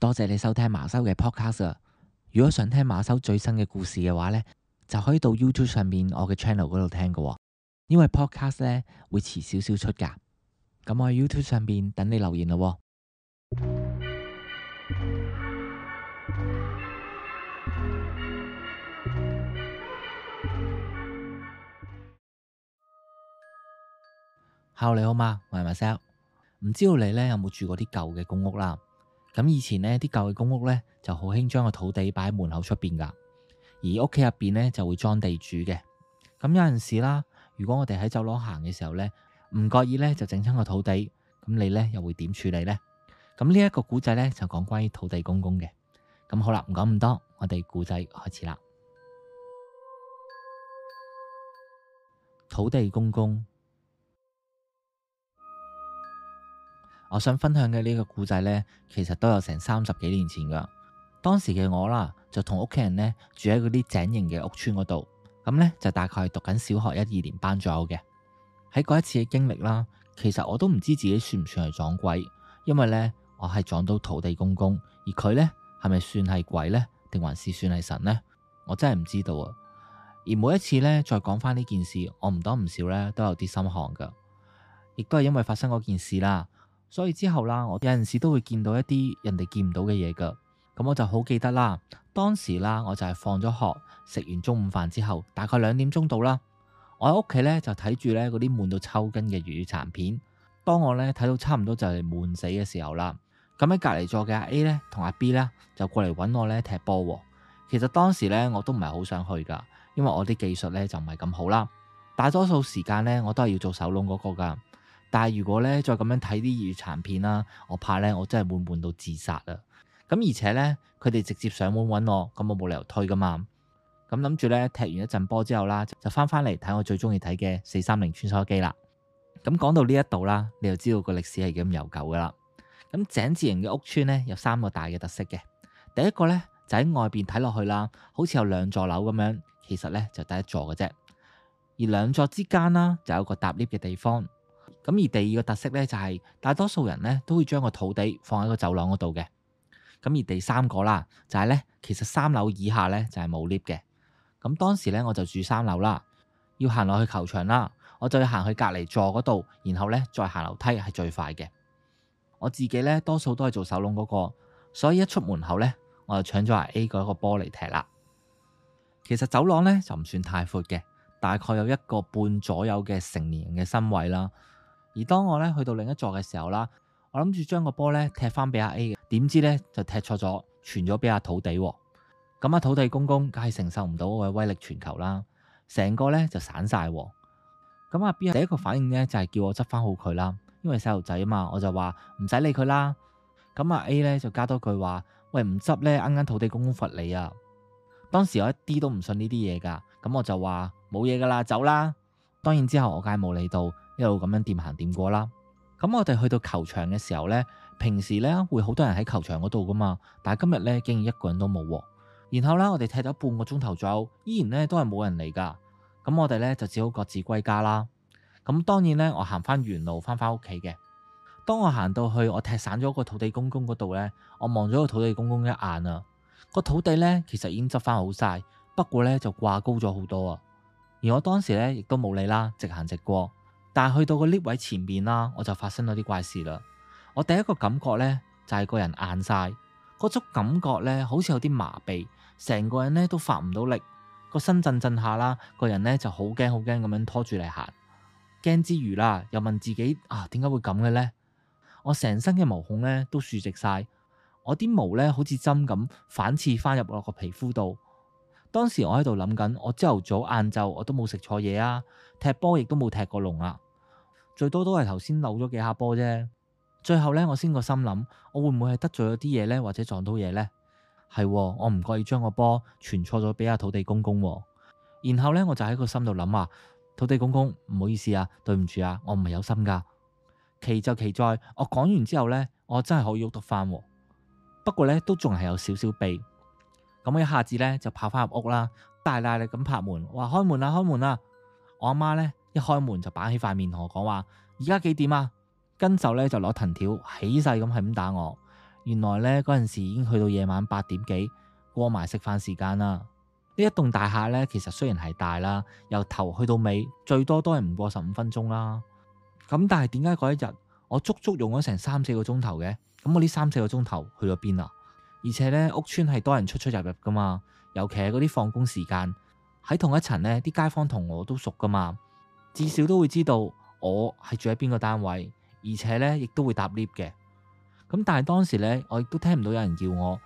多謝你收聽馬修嘅 podcast。如果想聽馬修最新嘅故事嘅話呢，就可以到 YouTube 上面我嘅 channel 嗰度聽噶。因為 podcast 呢會遲少少出噶。咁我喺 YouTube 上面等你留言咯。 Hello，你好嗎？我係 Marcel。唔知道你呢有冇住過啲舊嘅公屋啦？咁以前呢啲舊嘅公屋咧，就好興將個土地擺喺門口出邊噶，而屋企入邊咧，就會裝地主嘅。咁有陣時啦，如果我哋喺走廊行嘅時候咧，唔覺意咧就整親個土地，咁你咧又會點處理咧？咁呢一個故仔咧，就講關於土地公公嘅。咁好啦，唔講咁多，我哋故仔開始啦。土地公公。我想分享嘅呢個故仔呢，其實都有成三十幾年前噶。當時嘅我啦，就同屋企人呢住喺嗰啲井型嘅屋村嗰度。咁呢，就大概係讀緊小學一二年班左右嘅。喺嗰一次嘅經歷啦，其實我都唔知自己算唔算係撞鬼，因為呢，我係撞到土地公公，而佢呢，係咪算係鬼呢？定還是算係神呢？我真係唔知道啊。而每一次呢，再講返呢件事，我唔多唔少呢都有啲心寒噶，亦都係因為發生嗰件事啦。所以之後啦，我有陣時都會見到一啲人哋見唔到嘅嘢㗎。咁我就好記得啦，當時啦，我就係放咗學，食完中午飯之後，大概兩點鐘到啦。我喺屋企咧就睇住咧嗰啲悶到抽筋嘅粵語殘片。當我咧睇到差唔多就係悶死嘅時候啦，咁喺隔離座嘅阿 A 咧同阿 B 咧就過嚟揾我咧踢波。其實當時咧我都唔係好想去㗎，因為我啲技術咧就唔係咁好啦。大多數時間咧我都係要做守籠嗰個㗎。但係如果咧，再咁樣睇啲粵殘片啦，我怕咧，我真係悶悶到自殺啦！咁而且咧，佢哋直接上門揾我，咁我冇理由推噶嘛。咁諗住咧，踢完一陣波之後啦，就翻翻嚟睇我最中意睇嘅《四三零穿梭機》啦。咁講到呢一度啦，你就知道個歷史係幾咁悠久噶啦。咁井字型嘅屋村咧，有三個大嘅特色嘅。第一個咧，就喺外邊睇落去啦，好似有兩座樓咁樣，其實咧就得一座嘅啫。而兩座之間啦，就有一個搭 lift 嘅地方。咁而第二個特色咧，就係大多數人咧都會將個土地放喺個走廊嗰度嘅。咁而第三個啦，就係咧，其實三樓以下咧就係冇 lift 嘅。咁當時咧我就住三樓啦，要行落去球場啦，我就要行去隔離座嗰度，然後咧再行樓梯係最快嘅。我自己咧多數都係做手龍嗰個，所以一出門口咧，我就搶咗阿 A 嗰一個波嚟踢啦。其實走廊咧就唔算太闊嘅，大概有一個半左右嘅成年人嘅身位啦。而當我咧去到另一座嘅時候啦，我諗住將個波咧踢翻俾阿 A 嘅，點知咧就踢錯咗，傳咗俾阿土地。咁啊，土地公公梗係承受唔到我嘅威力全球啦，成個咧就散晒。咁阿 B 第一個反應咧就係、是、叫我執翻好佢啦，因為細路仔啊嘛，我就話唔使理佢啦。咁阿 A 咧就加多句話：喂，唔執咧，啱啱土地公公罰你啊！當時我一啲都唔信呢啲嘢㗎，咁我就話冇嘢㗎啦，走啦。當然之後我梗係冇理到。一路咁樣掂行掂過啦。咁我哋去到球場嘅時候呢，平時呢會好多人喺球場嗰度噶嘛，但係今日呢，竟然一個人都冇。然後呢，我哋踢咗半個鐘頭左右，依然呢都係冇人嚟噶咁我哋呢就只好各自歸家啦。咁當然呢，我行返原路返返屋企嘅。當我行到去，我踢散咗個土地公公嗰度呢，我望咗個土地公公一眼啊。個土地呢其實已經執翻好晒，不過呢就掛高咗好多啊。而我當時呢亦都冇理啦，直行直過。但係去到個 lift 位前面啦，我就發生咗啲怪事啦。我第一個感覺咧就係、是、個人硬晒，嗰種感覺咧好似有啲麻痹，成個人咧都發唔到力，個身震震下啦，個人咧就好驚好驚咁樣拖住嚟行。驚之餘啦，又問自己啊，點解會咁嘅咧？我成身嘅毛孔咧都豎直晒，我啲毛咧好似針咁反刺翻入我個皮膚度。當時我喺度諗緊，我朝頭早、晏晝我都冇食錯嘢啊，踢波亦都冇踢過龍啊。最多都係頭先漏咗幾下波啫，最後咧我先個心諗，我會唔會係得罪咗啲嘢咧，或者撞到嘢咧？係我唔覺意將個波傳錯咗俾阿土地公公。然後咧我就喺個心度諗啊，土地公公唔好意思啊，對唔住啊，我唔係有心噶。奇就奇在我講完之後咧，我真係可以喐得翻、啊。不過咧都仲係有少少痺。咁我一下子咧就跑翻入屋啦，大大力咁拍門，話開門啦、啊，開門啦、啊，我阿媽咧。一開門就擺起塊面同我講話，而家幾點啊？跟手咧就攞藤條起勢咁係咁打我。原來咧嗰陣時已經去到夜晚八點幾，過埋食飯時間啦。呢一棟大廈咧，其實雖然係大啦，由頭去到尾最多都係唔過十五分鐘啦。咁但係點解嗰一日我足足用咗成三四個鐘頭嘅？咁我呢三四個鐘頭去咗邊啊？而且咧屋村係多人出出入入噶嘛，尤其係嗰啲放工時間喺同一層咧，啲街坊同我都熟噶嘛。至少都會知道我係住喺邊個單位，而且呢亦都會搭 lift 嘅。咁但係當時呢，我亦都聽唔到有人叫我，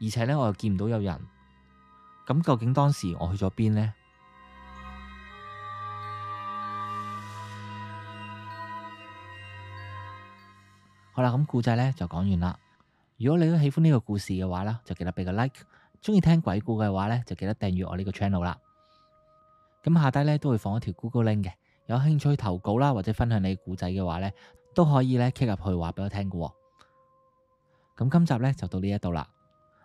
而且呢我又見唔到有人。咁究竟當時我去咗邊呢？ 好啦，咁故仔呢就講完啦。如果你都喜歡呢個故事嘅話呢，就記得俾個 like。中意聽鬼故嘅話呢，就記得訂閱我呢個 channel 啦。咁下低呢，都會放一條 Google Link 嘅。有興趣投稿啦，或者分享你故仔嘅話咧，都可以咧 keep 入去話俾我聽嘅喎。咁今集咧就到呢一度啦，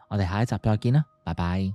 我哋下一集再見啦，拜拜。